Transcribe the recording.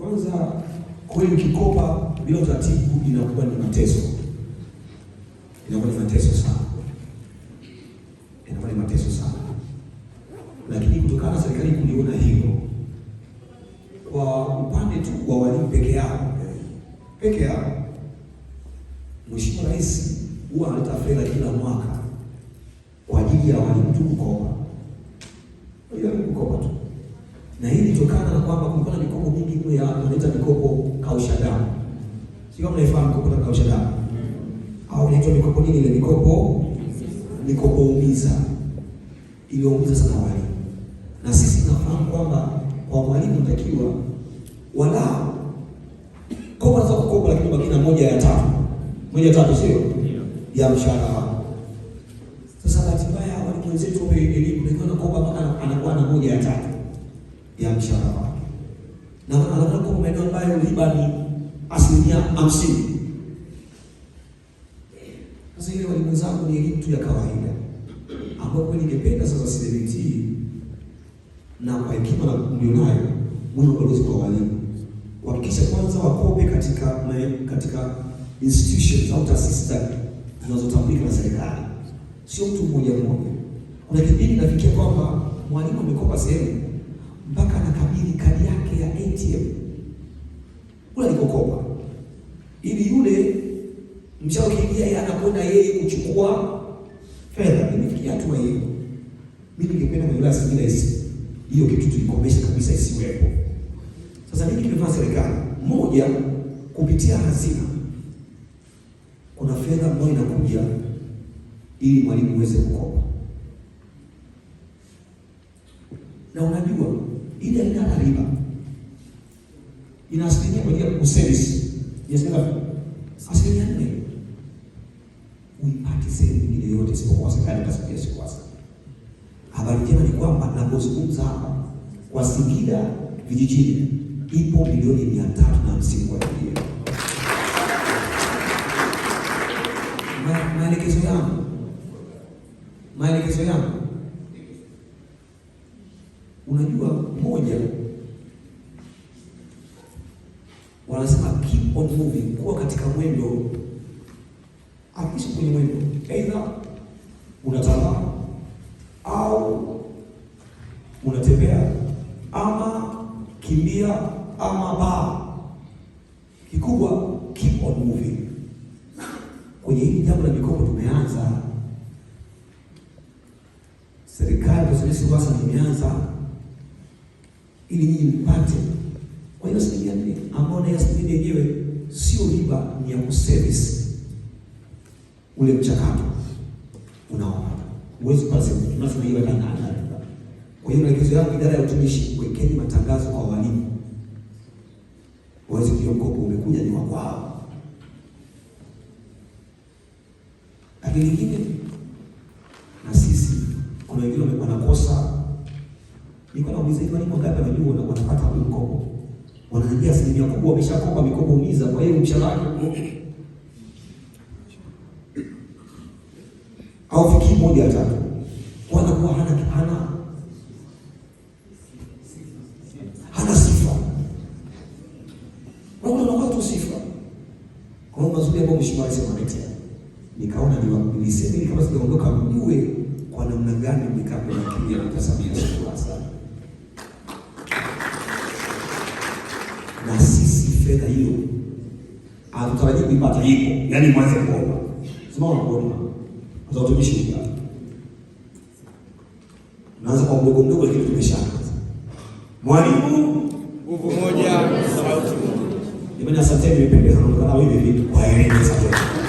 Kwanza coin kikopa bila utaratibu inakuwa ni mateso, inakuwa ni mateso sana, inakuwa ni mateso sana. Lakini kutokana na serikali kuliona hilo kwa upande tu wa walimu peke yao peke yao, Mheshimiwa Rais huwa analeta fedha kila mwaka kwa ajili ya walimu tu kukopa, walimu kukopa tu na hii ilitokana na kwamba kulikuwa na mikopo mingi mno ya watu wanaita mikopo kausha damu. Sio kama mnaifahamu mikopo ya kausha damu. Au inaitwa mikopo nini ile mikopo? Mikopo umiza. Iliumiza sana walimu. Na sisi tunafahamu kwamba kwa mwalimu inatakiwa wala kopa za kukopa lakini baki na moja ya tatu. Moja ya tatu sio? Ya mshahara wako. Sasa bahati mbaya walimu wenzetu wa elimu ndio wanakopa mpaka anakuwa na moja ya tatu ya mshahara wake, na wanatoka maeneo ambayo riba ni asilimia hamsini. Sasa ile walimu zangu ni elimu tu ya kawaida ambayo kweli ningependa sasa CMT na kwa hekima na mlionayo mwino balozi kwa walimu kuhakikisha kwanza wakope katika katika institutions au taasisi zinazotambulika na serikali, sio mtu mmoja mmoja. Kuna kipindi nafikia kwamba mwalimu amekopa sehemu mpaka anakabidhi kadi yake ya ATM kule alikokopa, ili yule mshao kiingia yeye anakwenda yeye kuchukua fedha. Nimefikia hatua hiyo, mimi ningependa kwenye wilaya hizi hiyo kitu tulikomesha kabisa isiwepo. Sasa mimi kimefanya serikali? Moja, kupitia hazina kuna fedha ambayo inakuja ili mwalimu uweze kukopa na unajua ili haina hata riba, ina asilimia kwa ajili ya kuservice ya serikali, asilimia nne. Uipate sehemu nyingine yote isipokuwa serikali, utasikia SUKWASA. Habari njema ni kwamba napozungumza hapa kwa Singida vijijini ipo milioni mia tatu na hamsini kwa ajili maelekezo yangu maelekezo yangu Unajua moja, wanasema keep on moving, kuwa katika mwendo. Hakikisha kwenye mwendo, aidha unatazama au unatembea ama kimbia ama baa. Kikubwa keep on moving. Kwenye hili jambo la mikopo tumeanza, serikali kwa sasa imeanza ili nyinyi mpate. Kwa hiyo sijamini ambao na yasini yenyewe sio riba, ni ya kuservice ule mchakato unaona, uwezi pasi tunasema hiyo kana ana Kwa hiyo maelekezo yangu, idara ya utumishi, wekeni matangazo kwa walimu waweze kujua mkopo umekuja ni wa kwao. Lakini lingine na sisi, kuna wengine wamekuwa na kosa Nilikuwa nauliza hivi walipo ngapi wanajua na wanapata huu mkopo. Wanaambia asilimia kubwa wameshakopa mikopo umiza kwa hiyo mshahara wake. Haufikii moja tatu. Wanakuwa hana hana hana sifa. Wao wanakuwa tu sifa. Kwa hiyo mazuri ambayo mheshimiwa rais ameletea. Nikaona ni niseme kama sijaondoka mjue kwa namna gani mikapo na kimya kwa Samia Suluhu Hassan. fedha hiyo hatutarajii kuipata, hiko, yaani mwanze kuomba, simama kuomba za utumishi ni gani? Naanza kwa mdogo mdogo, lakini tumeshaanza. Mwalimu nguvu moja sauti moja. Jamani, asanteni, nimependeza na mkutano hivi kwa elimu. Asanteni.